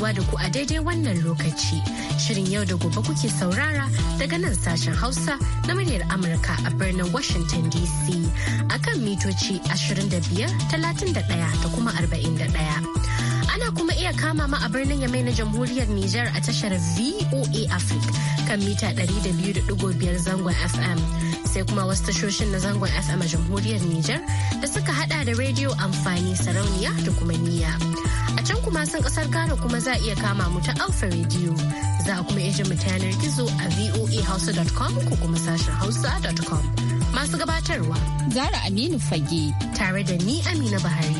saduwa da ku a daidai wannan lokaci. Shirin yau da gobe kuke saurara daga nan sashen Hausa na muryar Amurka a birnin Washington DC akan mitoci 25, 31 da kuma 41. ana kuma iya kama ma a birnin yamai na jamhuriyar Nijar a tashar VOA Africa kan mita 200.5 zangon FM. sai kuma wasu tashoshin na zangon FM a jamhuriyar Nijar da suka hada da rediyo amfani sarauniya da kuma niyya. A can kuma sun kasar Ghana kuma za a iya kama mu ta Alfa rediyo Za a kuma iya mu ta yanar gizo a voahausa.com ko kuma sashen hausa.com. Masu gabatarwa. Zara Aminu Fage. Tare da ni Amina Bahari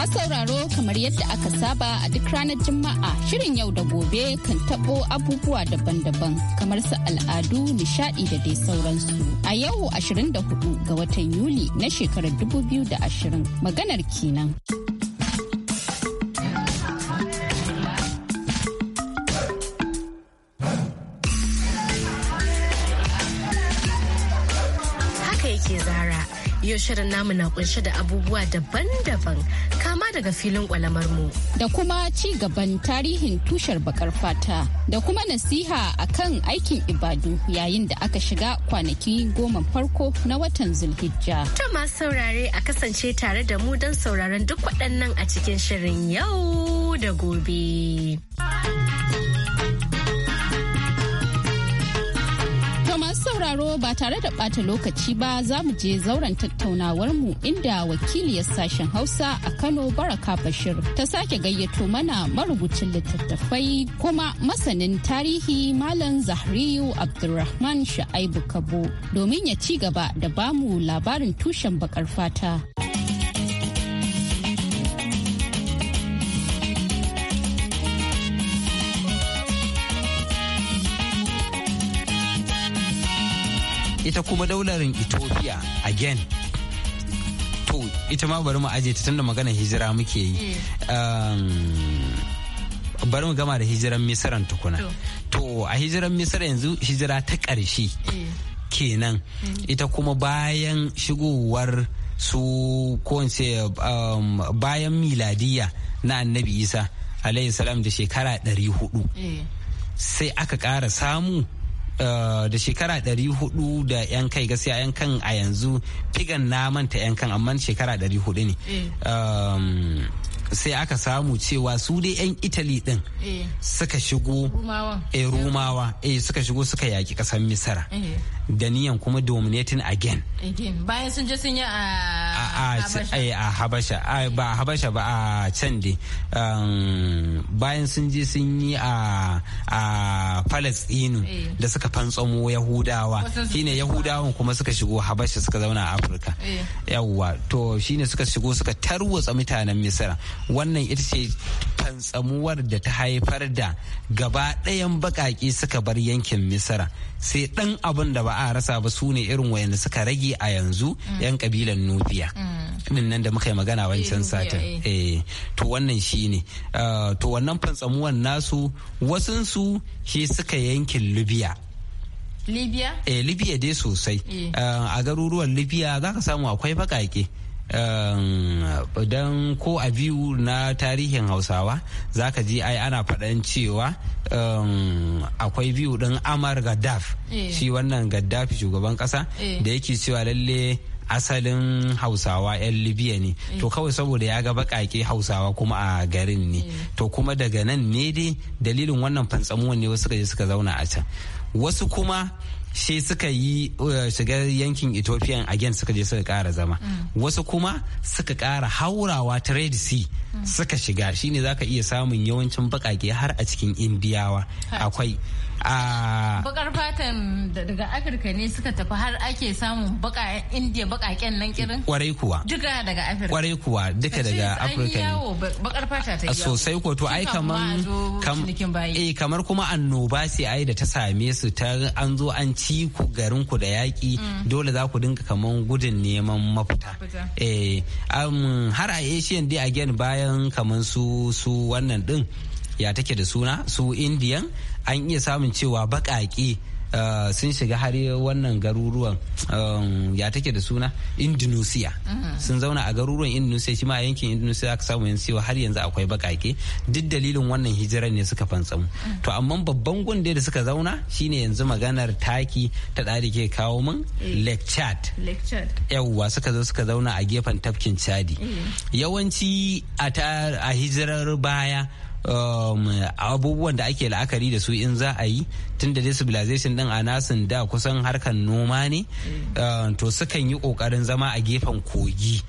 Masu sauraro kamar yadda aka saba a duk ranar Juma'a shirin yau da gobe kan tabo abubuwa daban-daban kamar su al'adu, nishadi da dai sauransu. A yau 24 ga watan Yuli na shekarar 2020 maganar kenan. Haka yake zara, yau shirin namu na kunshe da abubuwa daban-daban kama daga filin kwalamar mu Da kuma ci gaban tarihin tushar bakar fata da kuma nasiha a kan aikin ibadu yayin da aka shiga kwanaki goma farko na watan zulhijja. To ma saurare a kasance tare da mu don sauraron duk waɗannan a cikin shirin yau da gobe. sauraro ba tare da ɓata lokaci ba za mu je zauren tattaunawar mu inda wakiliyar sashen Hausa a Kano Baraka Bashir ta sake gayyato mana marubucin littattafai kuma masanin tarihi Malam Zahriyu Abdulrahman Sha'aibu Kabo domin ya ci gaba da bamu labarin tushen bakar fata. ita kuma daularin ethiopia again to ita ma bari mu aje ta tunda magana hijira muke yi mm. um, bari mu gama da hijiran misiran tukuna to a hijiran misira yanzu hijira ta ƙarshe mm. kenan mm. ita kuma bayan shigowar su ko um, bayan miladiya na annabi isa alayhi salam da shekara 400 sai aka ƙara samu Eh, da shekara ɗari hudu da yan kai gaskiya yan kan a yanzu figan na manta yan kan amma shekara ɗari hudu ne eh. um, sai aka samu cewa su dai 'yan italy din eh. suka shigo eh, rumawa eh suka shigo suka yaki kasar misira eh. da niyan kuma dominating again bayan sun je sun yi a habasha ba a habasha ba a can dai um, bayan sun je sun yi a palestinu da suka fantsamo yahudawa shine yahudawan kuma suka shigo habasha suka zauna a afirka yawwa to shine suka shigo suka tarwatsa mutanen misira wannan ita ce fantsamuwar da ta haifar da gaba ɗayan baƙaƙe suka bar yankin misira sai ɗan abin da ba a rasa ba su ne irin wayanda suka rage a yanzu mm. 'yan kabilan nubiya din mm. nan da muka yi magana wancan satin eh. Eh, to wannan shi ne uh, to wannan fantsamuwan nasu wasunsu shi suka yankin libya libya eh libya dai sosai eh. uh, a garuruwan libya za ka samu akwai baƙaƙe Ehm, don ko a biyu na tarihin hausawa za ka ji ai ana faɗan cewa ehm, akwai biyu ɗin amar gaddaf eh. shi wannan Gaddafi shugaban ƙasa eh. da yake cewa lalle asalin hausawa 'yan libya ne eh. to kawai saboda ya ga bakake hausawa kuma a garin ne eh. to kuma daga nan ne dai dalilin wannan fantsamuwan ne wasu je suka zauna a can wasu kuma shi suka yi uh, shiga yankin ethiopian again suka je suka kara zama mm. wasu kuma suka kara haurawa ta red sea mm. suka shiga shine zaka iya samun yawancin bakake har a cikin indiyawa akwai bakar fatan daga afirka ne suka tafi har ake samun baka indiya bakaken nan kirin kwarai kuwa duka daga afirka kwarai kuwa duka daga afirka ne bakar fata ta sosai ko to ai kaman eh kamar kuma annoba sai ai da ta same su ta an zo an ci ku garin ku da yaki mm. dole za ku dinka kaman gudun neman mafita eh har a asian day again bayan kaman su su wannan din ya take da suna su indiyan an iya samun cewa baƙaƙe eh, sun shiga har wannan garuruwan um, ya take da suna indonesia mm-hmm. sun zauna a garuruwan indonesia shi ma yankin indonesia aka samu yanzu cewa har yanzu akwai baƙaƙe duk dalilin wannan hijirar ne suka fantsamu mm. to amma babban gunda da suka zauna shine yanzu maganar taki ta ɗari ke kawo min eh. lake chad yawwa suka zo suka zauna a gefen tafkin chadi eh. yawanci a hijirar baya Um, abubuwan da ake la'akari da su in za a yi tun da civilization din a nasin da kusan harkar noma ne mm. uh, to sukan yi kokarin zama a gefen kogi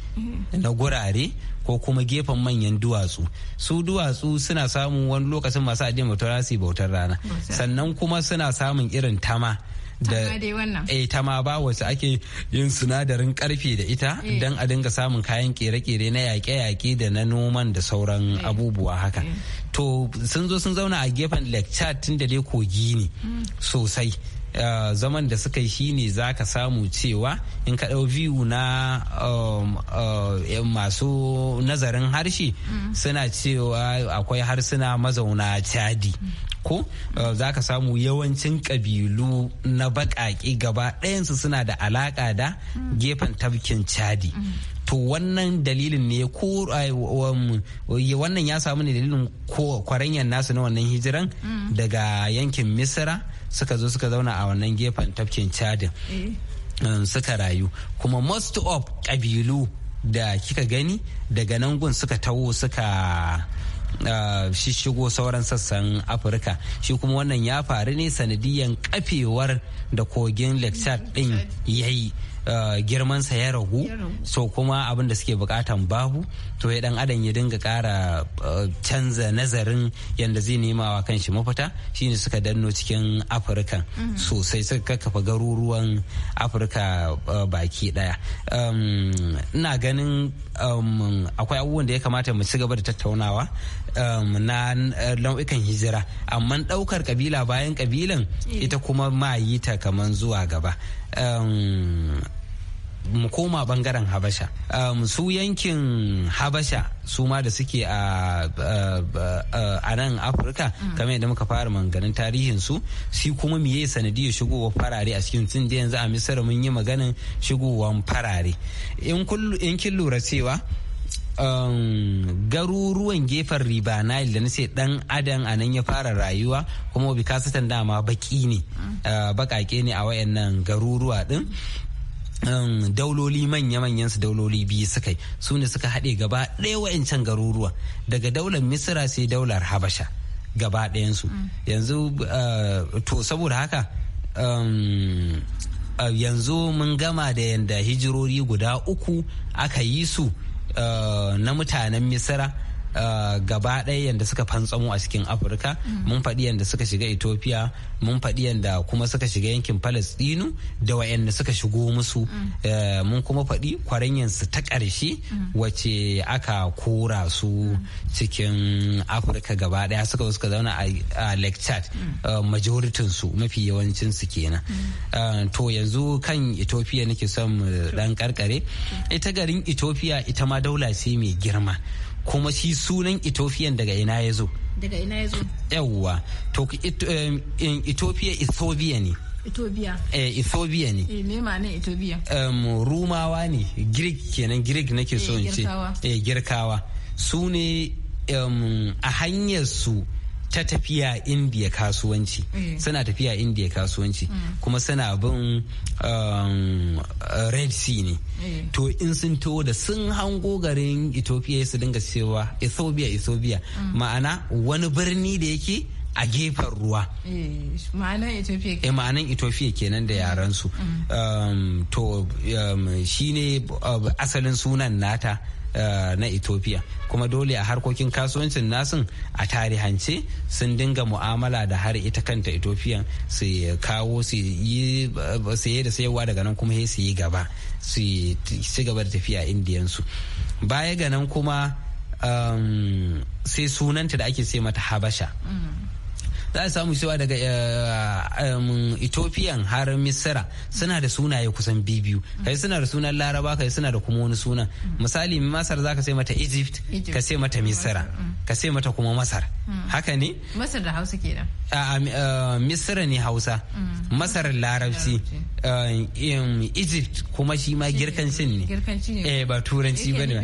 na gurare ko kuma gefen manyan duwatsu su duwatsu suna samun wani lokacin masu addinin bautar bautar rana sannan kuma suna samun irin tama da eh tama ba wasu ake yin sinadarin karfe da ita eh. don a dinga samun kayan kere-kere na yaƙe-yaƙe da na noman da sauran eh. abubuwa haka eh. to sun zo sun zauna a gefen lecture tun da dai kogi ne hmm. sosai zaman da suka yi shine za ka samu cewa in ka ɗau view na um, masu nazarin harshe hmm. suna cewa akwai harsuna mazauna chadi hmm. ko eh, za ka samu yawancin kabilu na baƙaƙe gaba ɗayansu suna da alaƙa da gefen tafkin chadi to wannan dalilin ne ko eh, um, wannan ya samu ne dalilin kwarenyar nasu na wannan hijiran daga yankin misira suka zo suka zauna a wannan gefen tafkin chadin eh. um, suka rayu kuma most of kabilu da kika gani daga nan gun suka taho suka shishigo sauran sassan afirka shi kuma wannan ya faru ne sanadiyan kafewar da kogin lakshad din ya yi girmansa ya ragu so kuma abin da suke bukatan babu to ya dan adam ya dinga kara eh, canza nazarin yadda zai nema wa kanshi mafita shine suka danno cikin afirka mhm. sosai suka kakkafa garuruwan afirka eh, baki daya um, ina ganin um, akwai abubuwan da ya kamata mu ci gaba da tattaunawa um, na eh, nau'ikan hijira amma daukar kabila bayan kabilan ita kuma ma yi ta kaman zuwa gaba mu koma bangaren habasha um, su yankin habasha su ma da suke a a nan afirka mm. kamar yadda muka fara manganin tarihin su shi kuma miye sanadiyar shigowar farare a cikin tun da yanzu a misar mun yi maganin shigowar farare in kin lura cewa um, garuruwan gefen riba nile da na ce dan adam a nan ya fara rayuwa kuma bikasatan dama baki ne mm. uh, bakake ne a wayannan garuruwa din Um, dauloli manya-manyan su dauloli biyu suka yi su ne suka haɗe gaba ɗaya wa'ancan garuruwa daga daular misira sai daular habasha gaba ɗayansu mm. yanzu uh, to saboda haka um, uh, yanzu mun gama da yanda hijirori guda uku aka yi su uh, na mutanen misira Eh, gaba ɗaya yadda suka fantsamo a cikin afirka mm. mun faɗi yadda suka shiga ethiopia mun faɗi yadda kuma suka shiga yankin palestinu da wayanda suka shigo musu mm. eh, mun kuma faɗi kwaranyansu ta ƙarshe mm. wace aka kora su cikin afirka gaba ɗaya suka suka zauna a lake chad eh, majoritinsu mafi yawancinsu kenan to yanzu kan ethiopia nake son ɗan karkare ita garin ethiopia ita ma daula ce mai girma kuma shi sunan Ethiopian daga ina ya zo daga ina ya zo yawwa to um, Ethiopia Ethiopia ne Ethiopia. Eh, Ethiopia ne. Eh, me ma'ana Ethiopia? Um, Rumawa ne, Greek kenan Greek nake so eh, in ce. Eh, Girkawa. Su ne um, a hanyar su ta tafiya indiya kasuwanci mm. suna tafiya indiya kasuwanci mm. kuma suna bin um, red sea ne mm. to in sun to da sun hango garin ethiopia su dinga cewa ethiopia ethiopia ma'ana wani birni da yake a gefen ruwa. e eh, ma'anan eh, Ethiopia kenan da yaransu. Um, to um, shine uh, asalin sunan nata. Eh, na ethiopia kuma dole a harkokin kasuwancin nasin a tarihance sun dinga mu'amala da har ita kanta ethiopia su kawo su yi eh, saye da sayarwa daga nan kuma su yi gaba su ci gaba da tafiya indiyansu baya ga nan kuma um, sai sunanta da ake ce mata habasha mm. za a samu cewa daga eh, ethiopian har misira suna da sunaye kusan bibiyu kai suna da sunan laraba kai suna da kuma wani sunan misali masar za ka sai mata egypt ka sai mata misira mm. ka sai mata kuma masar mm. haka ne masar da hausa kenan eh, misira ne hausa mm. masar larabci eh, egypt kuma shi ma girkancin ne ba turanci ba ne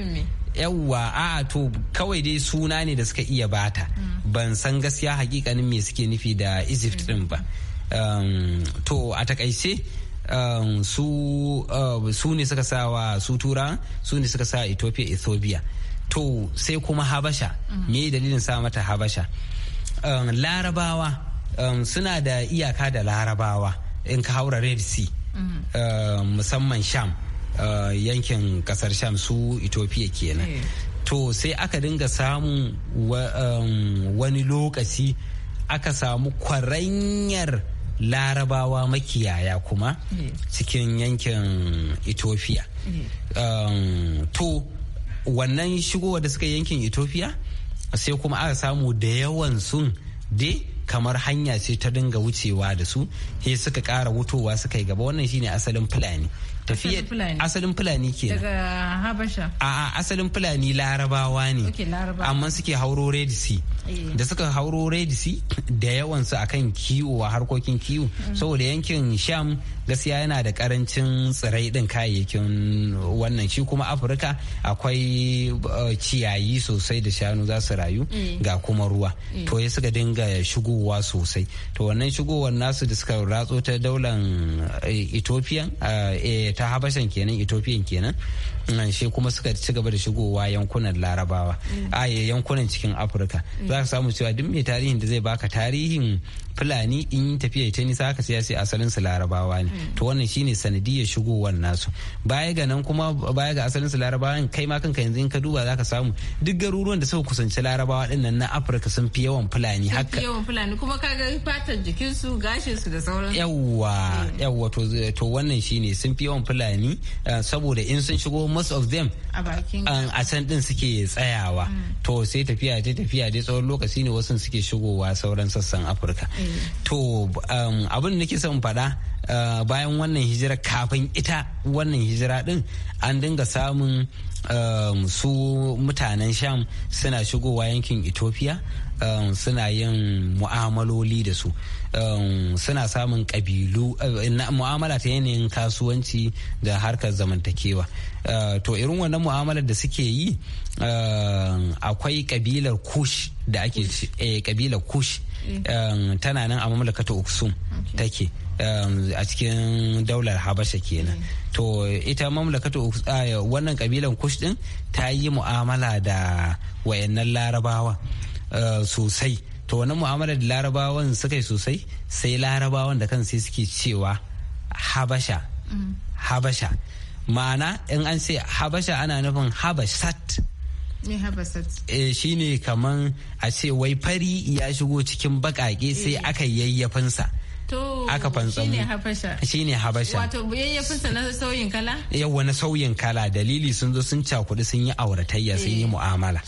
yawwa a to kawai dai suna ne da suka iya bata mm. ban san gaskiya hakikanin me suke nufi da egypt din ba um, to a takaice um, uh, su ne suka sa wa su tura su ne suka sa ethiopia ethiopia to sai kuma habasha mm. me dalilin sa mata habasha um, larabawa suna da iyaka da larabawa in ka haura red sea mm. musamman sham Uh, yankin kasar sham su ethiopia kenan eh. to sai aka dinga samun um, wani lokaci aka samu kwaranyar larabawa makiyaya kuma eh. cikin yankin ethiopia eh. um, to wannan shigowa da suka yankin ethiopia sai kuma aka samu da yawan sun dai kamar hanya ce ta dinga wucewa da su sai suka kara wutowa suka yi gaba wannan shine asalin fulani tafiya asalin fulani ke daga habasha a asalin fulani larabawa ne amma suke hauro red sea Eh. da suka hauro red da yawansu akan kiwo a harkokin kiwo saboda yankin sham gaskiya yana da karancin tsirai din kayayyakin wannan shi kuma afirka akwai eh, ciyayi sosai da shanu za su rayu mm. ga kuma ruwa mm. to ya suka dinga shigowa sosai to wannan shigowar nasu da suka ratso ta daular eh, ethiopian ta habashan kenan ethiopian kenan shi kuma suka ci gaba da shigowa yankunan larabawa mm. a yankunan cikin afirka za ka samu cewa duk mai tarihin da zai baka tarihin fulani in yi tafiya ta nisa aka siya sai asalin su larabawa ne mm. to wannan shine sanadiyar shigowar nasu baya ga nan kuma baya ga asalin su larabawa kai ma kanka yanzu in ka duba zaka samu duk garuruwan da suka kusanci larabawa din nan na afirka sun fi yawan fulani haka yawan fulani kuma kaga fatar jikin su gashin su da sauran yawwa mm. yawwa to to wannan shine sun fi yawan fulani eh, saboda in sun shigo most of them a eh, can din suke tsayawa mm. to sai tafiya ta tafiya dai tsawon lokaci ne wasu suke shigowa sauran sassan afirka eh. to um, abin da nake son faɗa uh, bayan wannan hijira kafin ita wannan hijira din an dinga samun um, su mutanen sham suna shigowa yankin ethiopia um, suna yin mu'amaloli da su um, suna samun ƙabilu uh, mu'amala ta yanayin kasuwanci da harkar zamantakewa uh, to irin wannan mu'amalar da suke yi uh, akwai ƙabilar kush da ake kabila kush eh, mm. um, tana nan a mamlakata uksum take um, a cikin daular habasha kenan mm. to ita mamlakata ah, wannan kabilan kush din ta yi mu'amala da wayannan larabawa uh, sosai to wannan mu'amala da larabawan suka yi sosai sai larabawan da kan sai suke cewa habasha mm. habasha ma'ana in an ce habasha ana nufin habashat Shi eh, shine kaman a ce wai fari ya shigo cikin bakake sai eh. aka yayyafinsa aka shine habasha wato yayyafinsa na sauyin kala yawa na sauyin kala dalili sun zo sun cakudi sun yi auratayya sun yi eh, mu'amala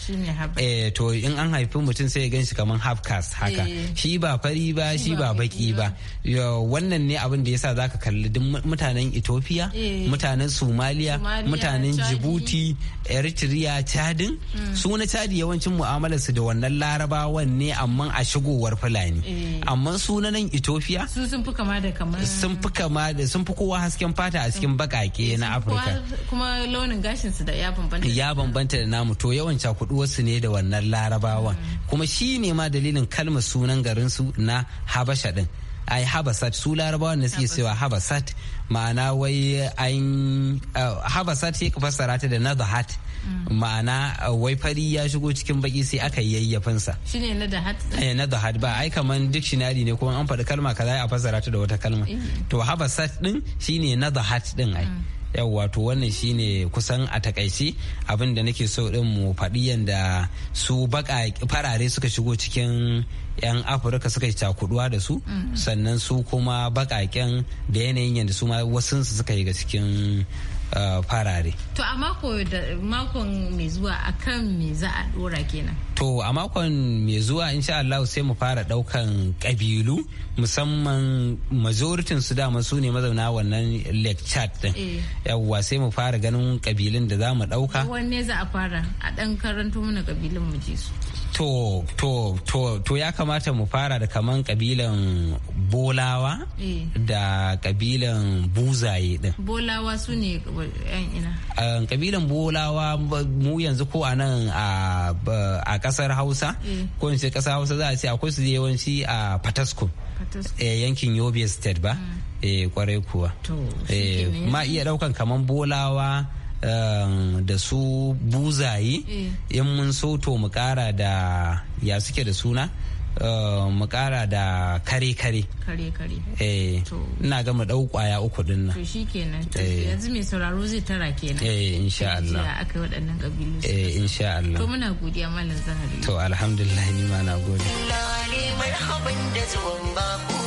eh to in an haifi mutum sai ya ganshi kaman half caste haka eh. shi ba fari ba shi ba baki ba wannan ne abin da yasa zaka kalli duk mutanen Ethiopia eh. mutanen Somalia mutanen Djibouti Eritrea Chadin hmm. su na Chad yawancin mu'amalar su da wannan larabawan ne amma a shigowar Fulani amma sunanan Ethiopia su sun fi kama da kamar sun fi kama da sun fi kowa hasken fata a cikin bakake na afirka kuma launin gashin da ya bambanta ya bambanta da namu to yawan cakudu wasu ne da wannan larabawan mm. kuma shi ne ma dalilin kalmar sunan garinsu na habasha din ai habasat su larabawan ne suke cewa habasat ma'ana wai an uh, habasat sai ka fassara ta da na nazahat ma'ana uh, wai fari ya shigo cikin baki sai aka yi yayyafinsa Shi ne Na the heart eh, ba ai kaman dictionary ne kuma an faɗi kalma kaza a fassara ta da wata kalma eh. to habasat din shine nazahat din ai mm. yawwa to wannan shine kusan a takaice abin da nake so din mu faɗi yadda su baka farare suka shigo cikin 'yan afirka suka yi cakuduwa da su mm. sannan su kuma bakaken da yanayin yadda su ma wasu suka yi ga cikin Eh, farare. To a mako da makon mai zuwa a kan me za a dora kenan. To a makon mai zuwa insha Allah sai mu fara daukan kabilu musamman majoritin su dama su ne mazauna wannan lake chat din. Eh. Yawwa sai mu fara ganin kabilun da za mu dauka. Wanne za a fara a dan karanto mana kabilun mu ji su. to to to to ya kamata mu fara da kaman kabilan bolawa eh. da kabilan buzaye din bolawa su ne yan ina ehm, kabilan bolawa mu yanzu ko a nan a kasar hausa eh. ko in ce kasar hausa za a ce akwai su yawanci a pataskum eh, yankin yobe state ba kwarai mm. kuwa ma iya daukan kaman bolawa Um, da su buzayi. Eh. in mun soto mu kara da ya suke da suna uh, mu kara da kare-kare. Kare-kare. Eh, ina ga mu dau kwaya uku din nan. To shi kenan. Eh. Yanzu mai sauraro zai tara kenan. Eh, insha Allah. aka waɗannan ƙabilu. Eh, insha Allah. To muna godiya malam zahari. To alhamdulillah ni ma na gode. ne marhaban da zuwan babu.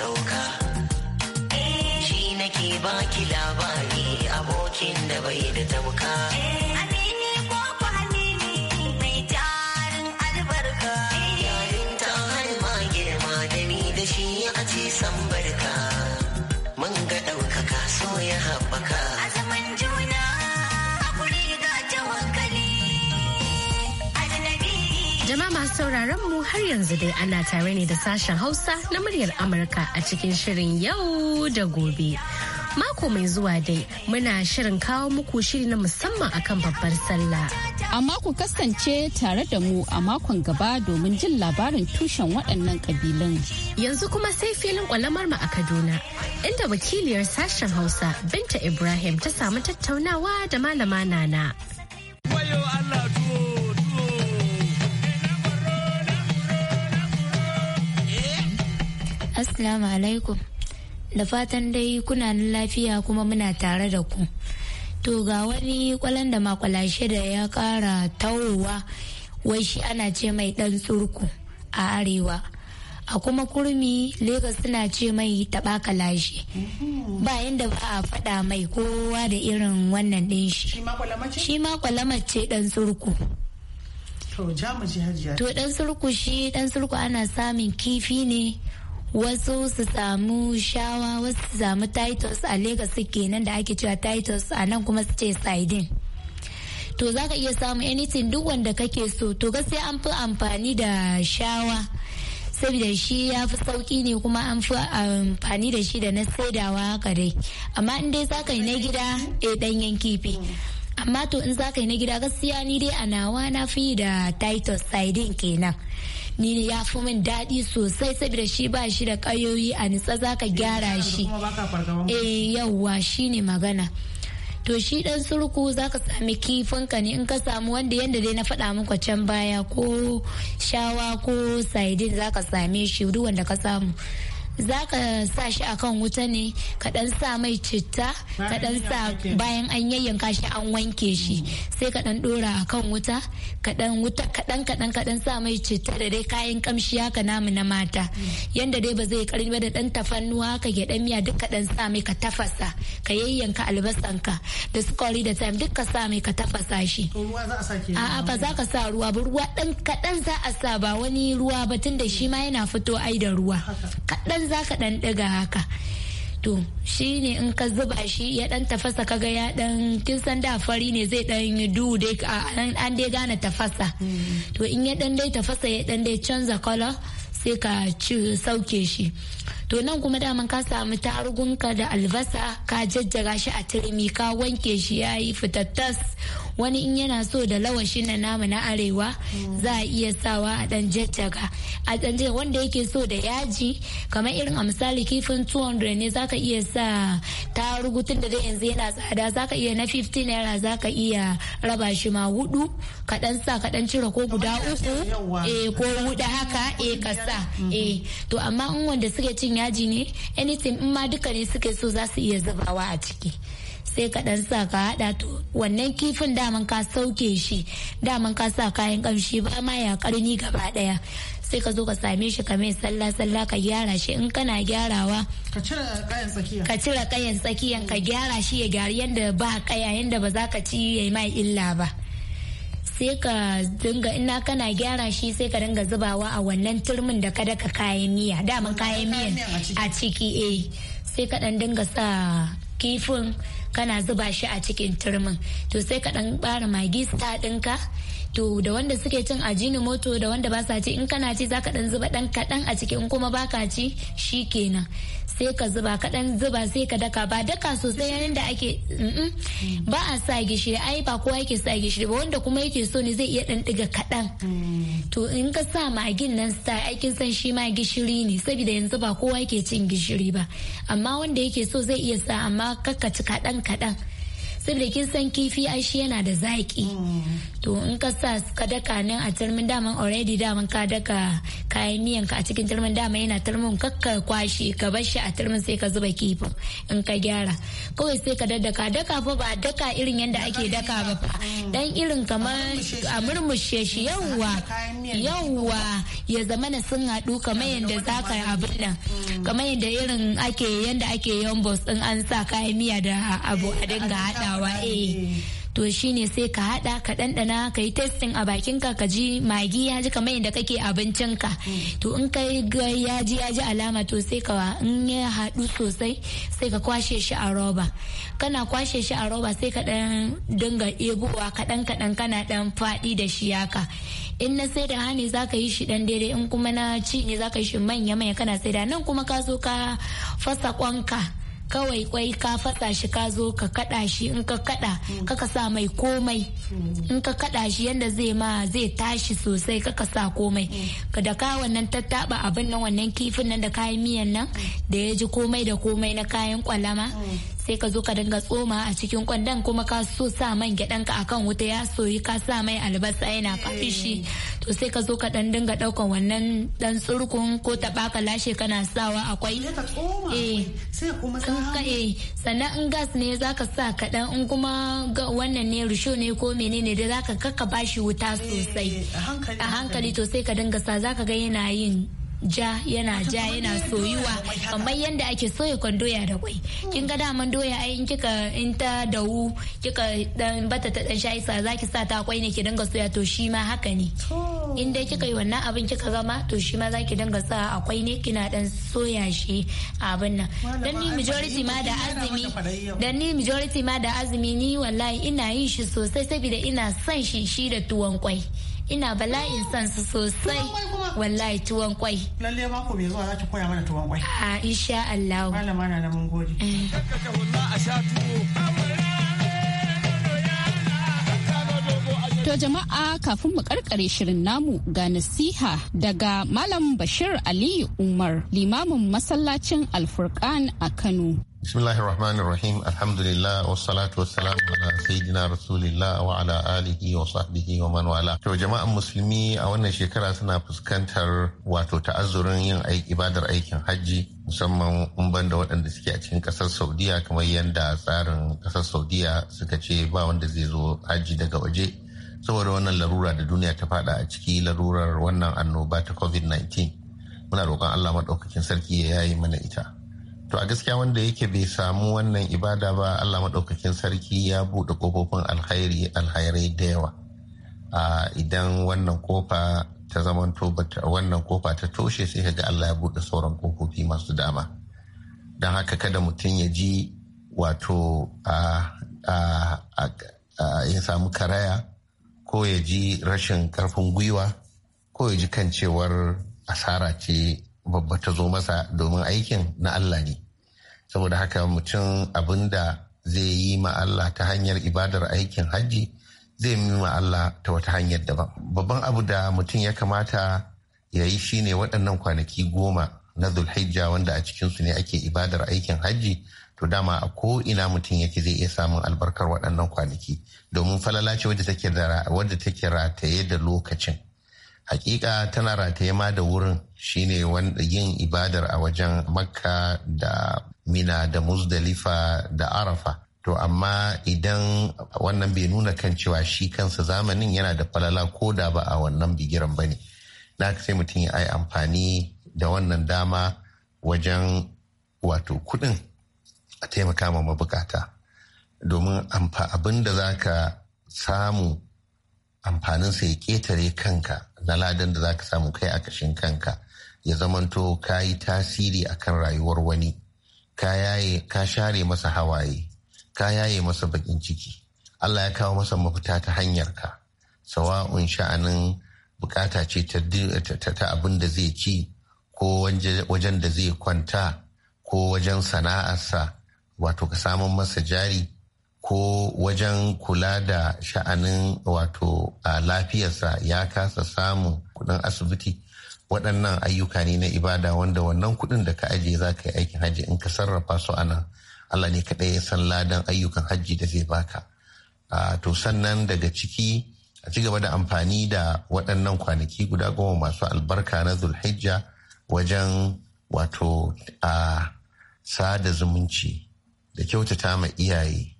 sauka eh, shi nake baki labari abokin da bai da tauka. Eh, sauraron mu har yanzu dai ana tare ne da sashen Hausa na muryar Amurka a cikin shirin yau da gobe. Mako mai zuwa dai muna shirin kawo muku shiri na musamman akan babbar sallah. Amma ku kasance tare da mu a makon gaba domin jin labarin tushen waɗannan ƙabilun. Yanzu kuma sai filin ƙwalamar mu a Kaduna, inda wakiliyar sashen Hausa Binta Ibrahim ta samu tattaunawa da malama Nana. Assalamu alaikum. Da fatan dai kuna nan lafiya kuma muna tare da ku. To ga wani kwalan da makwalashe da ya kara tawowa wai shi ana ce mai dan tsurku a arewa. A kuma kurmi Legas suna ce mai taɓa kalashe. Mhm. Ba yanda ba a fada mai kowa da irin wannan din shi. Shi makwalama ce dan tsurku. To dan surku shi dan surku ana samun kifi ne wasu su samu shawa wasu su samu titus a Legas kenan da ake cewa titus a nan kuma su ce sardine to za ka iya samu anything duk wanda kake so to gaskiya an fi amfani da shawa saboda shi ya fi sauki ne kuma an fi amfani da shi da na saidawa haka dai amma in dai ka yi na gida a eh, danyen kifi amma to in ka yi na gida gaskiya ni dai a nawa na fi da titus sardine kenan ni ya fi min daɗi sosai saboda shi ba shi da ƙayoyi a nitsa za ka gyara shi eh yauwa shi ne magana to shi dan surku za ka sami kifinka ne in ka samu wanda yadda dai na faɗa muku can baya ko shawa ko saidin za ka same shi duk wanda ka samu za ka sa shi akan wuta ne ka dan sa mai citta ka dan sa bayan an yayyanka shi an wanke shi sai ka dan dora akan wuta ka dan wuta kadan kadan ka dan sa mai citta da dai kayan kamshi haka namu na mata yanda dai ba zai karbi da dan tafannuwa ka gyaɗa miya duk ka dan sa mai ka tafasa ka yayyanka albasanka da sukari da time duk ka sa mai ka tafasa shi a'a ba za ka sa ruwa ba ruwa dan kadan za a sa ba wani ruwa ba tunda shi ma yana fito ai da ruwa kaɗan za ka ɗan ɗiga haka to shi ne in ka zuba shi ya ɗan tafasa kaga ya ɗan kin san da fari ne zai ɗan yi duhu dai an dai gane tafasa to in ya ɗan dai tafasa ya ɗan dai canza kala sai ka sauke shi to nan kuma daman ka samu tarugunka da albasa ka jajjaga shi a turmi ka wanke shi ya yi fitattas wani in yana so da lawashin na namu na arewa za a iya sawa a dan jajjaga a dan wanda yake so da yaji kamar irin a misali kifin 200 ne zaka iya sa ta rugutun da dai yanzu yana tsada zaka iya na 15 naira zaka iya raba shi ma hudu ka dan sa ka dan cire ko guda uku eh ko huda haka eh ka sa mm-hmm. eh to amma in wanda suke cin yaji ne anything in ma duka ne suke so za su iya zubawa a ciki sai ka dan sa ka hada to wannan kifin daman ka sauke shi daman ka sa kayan kamshi ba ma ya karni gaba daya sai ka zo ka same shi ka mai sallah sallah ka gyara shi in kana gyarawa ka cire kayan ka tsakiyan ka gyara shi ya gyara yanda ba kaya yanda ba za ka ci yayi mai illa ba sai ka dinga ina kana gyara shi sai ka dinga zubawa a wannan turmin da ka daka kayan miya daman kayan miya a ciki eh sai ka dan dinga sa kifin kana zuba shi a cikin turmin to sai ka dan bara magista dinka to da wanda suke cin ajini moto da wanda ba sa ci in kana ci zaka dan zuba dan kadan a cikin kuma baka ci kenan sai ka zuba kaɗan zuba sai ka daka ba daka sosai yayin da ake ba a sa gishiri ai ba kowa yake sa gishiri ba wanda kuma yake so ne zai iya dan diga kaɗan mm. to in ka sa magin nan sa aikin san shi ma gishiri ne saboda yanzu ba kowa yake cin gishiri ba amma wanda yake so zai iya sa amma kakkaci kadan kadan. saboda kin san kifi ai shi yana da zaki mm. to in ka sa ka daka nan a turmin daman already daman ka daka kayan miyan ka a cikin turmin dama yana turmin kakka kwashi ka bar shi a turmin sai ka zuba kifin in ka gyara kawai sai ka daddaka daka fa ba daka irin yadda ake daka ba fa mm. dan irin kamar a murmushe shi yawwa yawwa ya zama na sun haɗu kamar yadda za ka abin nan mm. kamar yadda irin ake yadda ake yambos in an sa kayan miya da abu a dinga haɗa hadawa eh to shine sai ka hada ka dandana ka yi testing a bakin ka ka ji magi ya ji kamar yadda kake abincin ka mm. to in ka ya ji ya ji alama to sai ka in ya hadu sosai sai ka kwashe shi a roba kana kwashe shi a roba sai ka dan dinga ebowa ka dan kana dan fadi da shi yaka in na sai da hani za ka yi shi dan daidai in kuma na ci ne za ka yi shi manya manya kana sai da nan kuma ka zo ka fasa kwanka kawai kwai ka fasa shi ka zo ka kada shi in ka kada kaka sa mai komai in ka kada shi yanda zai ma zai tashi sosai kaka sa komai ka da ka wannan tattaba abin nan wannan kifin nan da kayan miyan nan da ya ji komai da komai na kayan kwalama sai ka zo ka dinga tsoma a cikin kwandon kuma ka so sa man gyaɗan ka akan wuta ya soyi ka sa mai albasa yana fafishi to sai ka zo ka dan dinga ɗaukan wannan dan tsurkun ko taɓa ka lashe kana sawa akwai e sannan in gas ne zaka sa kaɗan in kuma wannan ne rusho ne ko menene da zaka kakka bashi wuta eh, sosai a hankali to sai ka dinga sa zaka ga yana yin ja yana ja yana soyuwa kamar yadda ake soya kwan doya da kwai kin ga daman doya ai kika in ta dawu kika dan bata ta dan shayi sa zaki sa ta kwai ne ki dinga soya to shi ma haka ne in dai kika yi wannan abin kika gama to shi ma zaki dinga sa akwai ne kina dan soya shi abin nan dan ni majority ma da azumi dan ni majority ma da azumi ni wallahi ina yin shi sosai saboda ina son shi shi da tuwon kwai ina bala'in son su sosai wallahi tuwon kwai lalle mako mai zuwa za ki koya mana tuwon kwai a insha Allah malama na mun gode eh. To jama'a kafin mu karkare shirin namu ga nasiha daga Malam Bashir ali Umar limamin masallacin Alfurkan a Kano. bismillahir rahmanir rahim alhamdulillah wassalatu wassalamu ala sayyidina rasulillah wa ala alihi wa sahbihi wa man wala to jama'an musulmi a wannan shekara suna fuskantar wato ta'azzurin yin ibadar aikin hajji musamman in banda waɗanda suke a cikin ƙasar saudiya kamar yadda tsarin ƙasar saudiya suka ce ba wanda zai zo hajji daga waje saboda wannan larura da duniya ta fada a ciki larurar wannan annoba ta covid-19 muna roƙon allah maɗaukakin sarki ya yayi mana ita To a gaskiya wanda yake bai samu wannan ibada ba Allah maɗaukakin sarki ya buɗe ƙofofin alkhairi alhairai da yawa. Idan wannan kofa ta zamanto wannan kofa ta toshe sai ka ga Allah ya buɗe sauran kofofi masu dama. Don haka kada mutum ya ji wato ya samu karaya ko ya ji rashin karfin gwiwa ko ya ji kan cewar asara ce babba ta zo masa domin aikin na Allah ne saboda haka mutum abin da zai yi ma Allah ta hanyar ibadar aikin hajji zai yi ma Allah ta wata hanyar daban babban abu da mutum ya kamata ya yi shi ne waɗannan kwanaki goma na zulhijja wanda a cikinsu ne ake ibadar aikin hajji to dama a ko ina mutum yake zai iya samun albarkar waɗannan kwanaki domin falala ce wadda take rataye da lokacin hakika tana rataye ma da wurin shine wanda yin ibadar a wajen makka da mina da muzdalifa da arafa to amma idan wannan bai nuna kan cewa shi kansa zamanin yana da falala ko da ba a wannan bigiran ba ne na sai mutum ya yi amfani da wannan dama wajen wato kudin a taimaka ma mabukata domin abin da za ka samu amfaninsa ya ketare kanka na ladan da za ka samu kai a kashin kanka ya zamanto ka yi tasiri a kan rayuwar wani ka share masa hawaye ka yaye masa bakin ciki allah ya kawo masa mafita ta hanyar ka sawa'un sha'anin bukata ce ta abin da zai ci ko wajen da zai kwanta ko wajen sana'arsa wato ka samun masa jari ko wajen kula da sha'anin wato a lafiyarsa ya kasa samun kudin asibiti waɗannan ayyuka ne na ibada wanda wannan kudin da ka ajiye za ka yi aikin hajji in ka sarrafa su a nan allah ne kaɗai ya san ladan ayyukan hajji da zai baka to sannan daga ciki a ci gaba da amfani da waɗannan kwanaki guda goma masu albarka na zulhijja wajen wato a sada zumunci da kyautata ma iyaye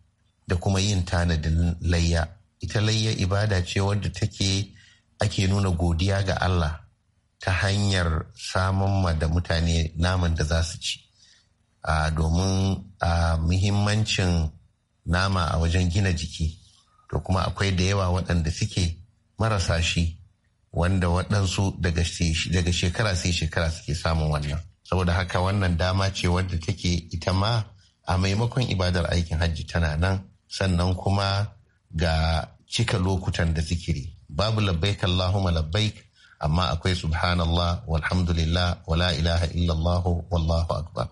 da kuma yin tanadin layya ita layya ibada ce wadda take ake nuna godiya ga Allah ta hanyar samun ma da mutane naman da za su ci domin muhimmancin nama a wajen gina jiki to kuma akwai da yawa waɗanda suke marasa shi wanda waɗansu daga shekara sai shekara suke samun wannan saboda haka wannan dama ce wadda take ita ma a maimakon ibadar aikin hajji tana nan sannan kuma ga cika lokutan da zikiri babu labbaik Allahumma labbaik amma akwai subhanallah walhamdulillah wala ilaha illallah wallahu akbar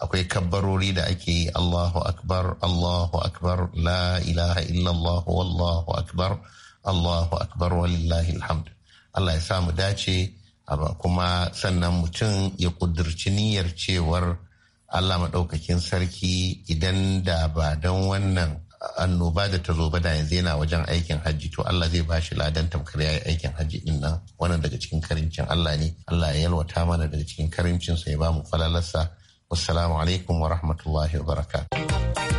akwai kabbarori da ake yi Allahu akbar Allahu akbar la ilaha illallah wallahu akbar Allahu akbar walillahi alhamd Allah ya samu dace kuma sannan mutum ya kudurci niyyar cewar Allah maɗaukakin sarki idan da ba don wannan annoba da ta zo ba da yanzu yana wajen aikin hajji to Allah zai bashi ladan tamkar yi aikin hajji din nan wannan daga cikin karincin Allah ne Allah ya yalwata mana daga cikin karincin sa ya ba mu falalarsa wassalamu alaikum wa rahmatullahi wa barakatuh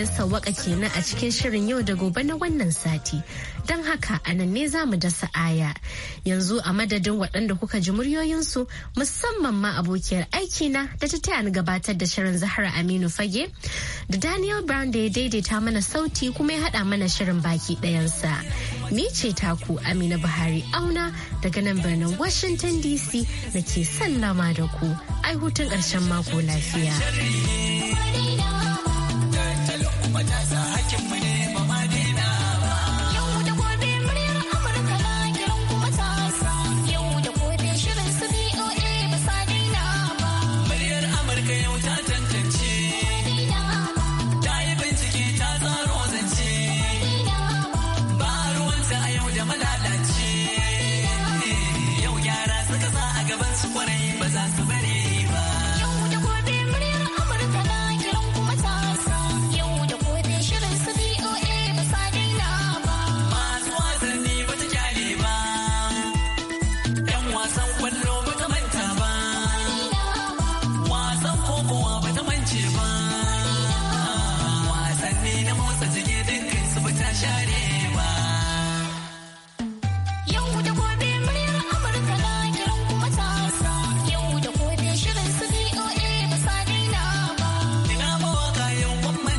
ya sawaka kenan a cikin shirin yau da gobe na wannan sati. Don haka a nan ne za mu dasa aya. Yanzu a madadin waɗanda kuka ji muryoyinsu musamman ma abokiyar aikina da ta taya ni gabatar da shirin Zahra Aminu Fage da Daniel Brown da ya daidaita mana sauti kuma ya haɗa mana shirin baki ɗayansa. Ni ce taku Amina Buhari Auna daga nan birnin Washington DC da ke sallama da ku. Ai hutun ƙarshen mako lafiya.